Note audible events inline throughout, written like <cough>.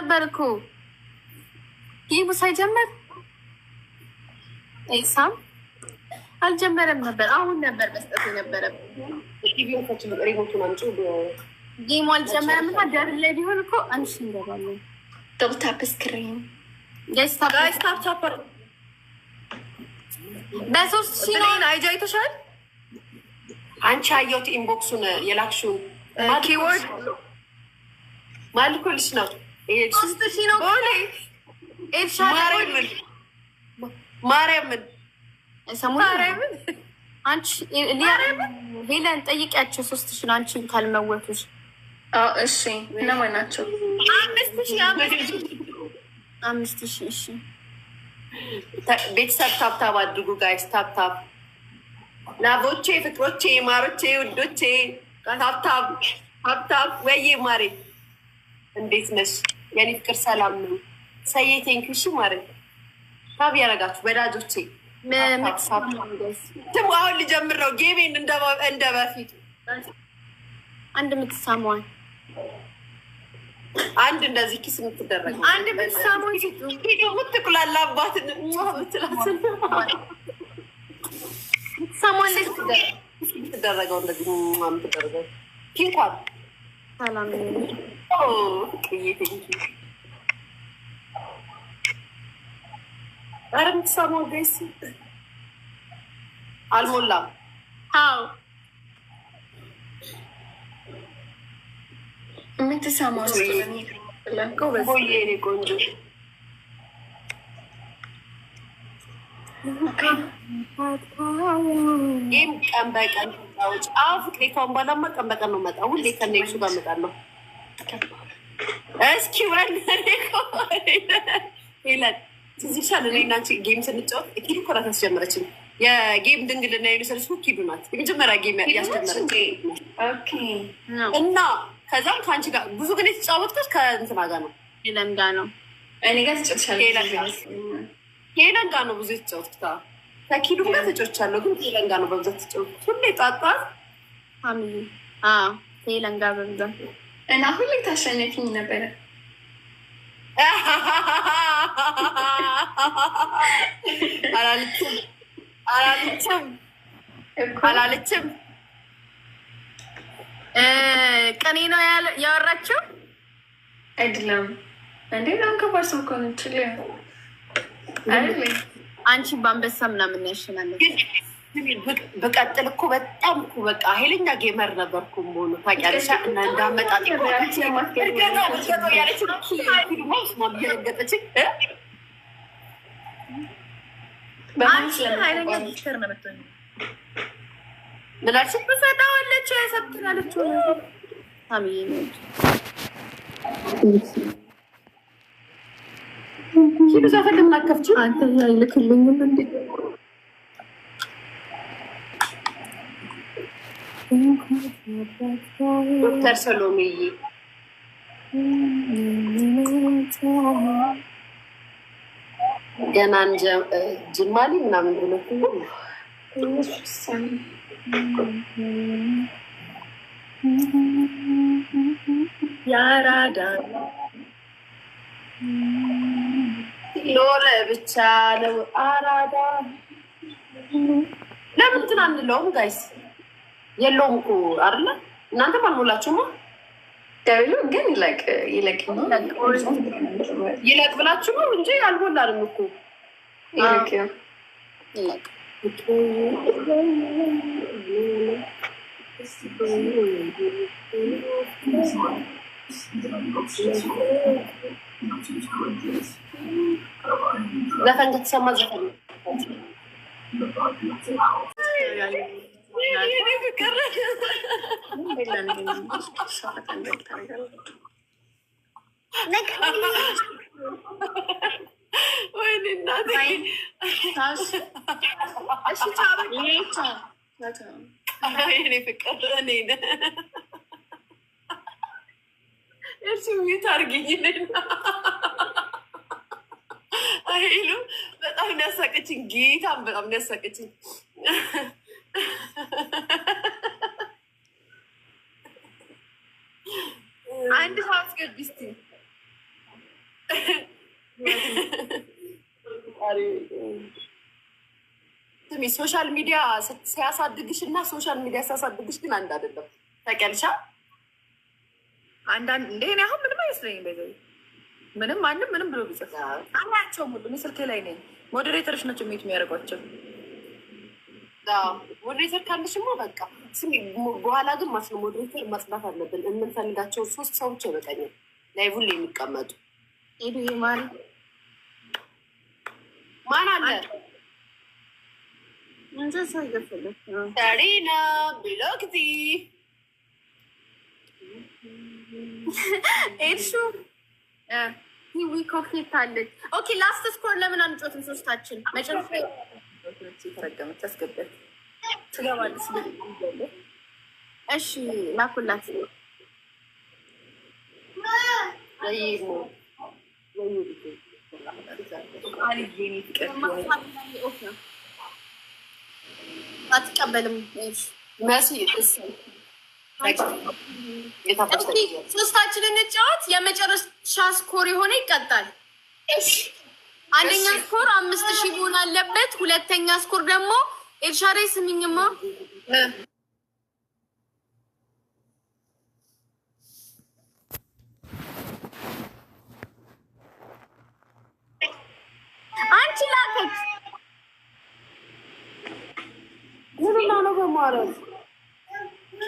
ነበር እኮ ይህ ሳይጀመር ኤሳም አልጀመረም ነበር። አሁን ነበር መስጠት የነበረብን። ጌሙ አልጀመረም እና ደር ላይ ቢሆን እኮ አንሽ እንገባለን። ዶብታፕ ስክሪን በሶስት ሺ አይጃ ይተሻል። አንቺ አየሁት ኢንቦክሱን የላክሽውን ኪወርድ ማልኮልሽ ነው ማርያምን ማርያምን አንቺ ሄለን ጠይቂያቸው ሶስት ሺ ነው። አንቺን ካልመወቱሽ እሺ። እነማን ናቸው? አምስት ሺ አምስት ሺ እሺ። ቤተሰብ ታብታብ አድርጉ ጋይስ፣ ታብታብ ላቦቼ፣ ፍቅሮቼ፣ ማሮቼ፣ ውዶቼ ታብታብ ታብታብ። ወይዬ ማሬ እንዴት ነሽ? የኔ ፍቅር ሰላም ነው። ሰዬ ቴንኪሽ ማለት ነው። ሳብ ያረጋችሁ ወዳጆቼ ደግሞ አሁን ልጀምር ነው ጌሜን እንደ በፊቱ አንድ የምትሳመዋል አንድ እንደዚህ ኪስ የምትደረግ አንድ የምትሳመው የምትቁላላ አባትን ምትላስምትደረገው እንደዚህ ምትደረገው ፒንኳን ሰላም የምትሰማው ገይስ አልሞላም። አዎ የምትሰማው የእኔ ቆንጆ ይህም ቀን በቀን መጣዎች አሁ ፍቅሬ ካሁን በኋላማ ቀን በቀን ነው መጣ ሁሌ ከነ ጋር መጣለሁ። እስኪ ወለሌለን እዚህ ሻለ ናንቺ ጌም ስንጫወት ኪዱ እኮ እራት አስጀመረችኝ። የጌም ድንግልና ዩኒቨርስ ኪዱ ናት የመጀመሪያ ጌም ያስጀመረች እና ከዛም ከአንቺ ጋር ብዙ ግን የተጫወትኩት ከእንትና ጋር ነው ሄለን ጋር ነው እኔ ጋር ትጫወትሻለሽ ሄለን ጋር ነው ብዙ የተጫወትኩት ከኪዱም ጋር ተጫውቻለሁ፣ ግን ቴለንጋ ነው በብዛት ተጫወት። ሁሌ ጠዋት ጠዋት ቴለንጋ በብዛት እና ሁሌ ታሸነፊኝ ነበረ። አላለችም አላለችም አላለችም። ቅኔ ነው ያወራችው። አይደለም እንዴ? ነው ከባድ ሰው እኮ ነች። አንቺ በአንበሳ ምናምን ያሸናለች ብቀጥል እኮ በጣም እኮ በቃ ኃይለኛ ጌመር ነበርኩ መሆኑ ታውቂያለሽ። እና እንዳመጣጥ ያለችማስማገጠች ምናችን ሰጠዋለች ሰብትላለች ታሚዬ ብዙ አፈልም አከፍች አንተ አይልክልኝም እንዴ? ዶክተር ሰሎሜዬ ገና ጅማሌ ምናምን ብሎ ያራዳ ኖረ ብቻ ነው አራዳ። ለምን እንትን አንለውም? ጋይስ የለውም እኮ አይደለ? እናንተም አልሞላችሁማ። ደብሉ ግን ይለቅ ይለቅ ይለቅ ብላችሁ ነው እንጂ አልሞላንም እኮ ይለቅ ይለቅ ይለቅ زفن تتسمى زفن يعني يعني فكر وين النادي؟ ايش تعبك؟ <laughs> يعني እሱ ሚት አርግኝልና አይሉ በጣም እንዲያሳቀችኝ ጌታም በጣም እንዲያሳቀችኝ። አንድ ሰው አስገቢ እስኪ። ሶሻል ሚዲያ ሲያሳድግሽ እና ሶሻል ሚዲያ ሲያሳድግሽ ግን አንድ አይደለም። ታውቂያለሽ። አንዳንድ እንደ እኔ አሁን ምንም አይመስለኝም። በ ምንም ማንም ምንም ብሎ ቢጽፍ አላቸውም። ሁሉ ስልኬ ላይ ነኝ። ሞዴሬተሮች ናቸው ሚት የሚያደርጓቸው። ሞዴሬተር ካለሽማ በቃ ስሚ። በኋላ ግን ማስ ሞዴሬተር ማጽዳት አለብን። የምንፈልጋቸው ሶስት ሰዎች የበቀኝ ላይ ሁሉ የሚቀመጡ ሄዱ ማን ማን አለ ሪና ብሎክቲ ኤድሹ ሂዊ ኮኬት አለች። ኦኬ ላስት ስኮር ለምን አንጮትም? ሶስታችን መጨረሻ እሺ ላኩላት። አትቀበልም መሲ ሶስታችን እንጫወት። የመጨረሻ ስኮር የሆነ ይቀጣል። አንደኛ ስኮር አምስት ሺህ መሆን አለበት። ሁለተኛ ስኮር ደግሞ ኤልሻሬ ስሚኝማ አንቺ ላከች ነው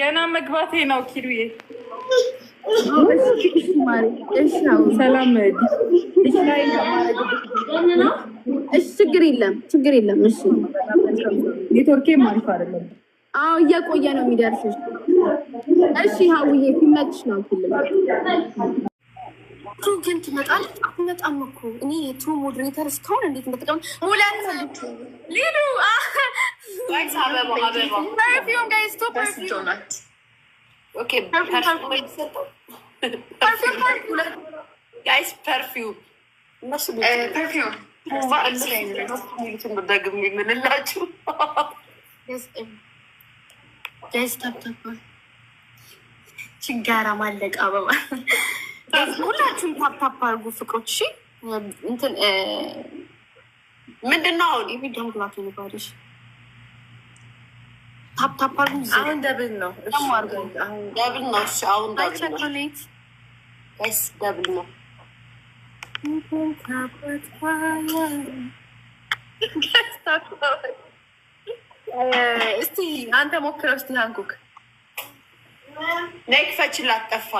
ገና መግባቴ ነው። ኪሩዬ ሰላም። እሺ፣ ችግር የለም ችግር የለም። እሺ፣ ኔትወርኬም አሪፍ አይደለም። አዎ፣ እየቆየ ነው የሚደርስ። እሺ፣ ሀውዬ ሲመችሽ ነው ቱ ግን ትመጣለች አትመጣም እኮ እኔ የቱ ሞድሬተር እስካሁን እንዴት እንደተቀመ ሙላት ሊሉ ችጋራ ማለቅ አበባ ሁላችሁም ታፕታፕ አድርጉ ፍቅሮች። እሺ ምንድን ነው አሁን ይሄ ደንብላት ታፕታፕ አሁን ደብል ነው። ደብል ነው። እሺ አሁን ቸኮሌት ስ ደብል ነው። እስቲ አንተ ሞክረው። እስቲ ሃንኩክ ነይ ክፈችላት ጠፋ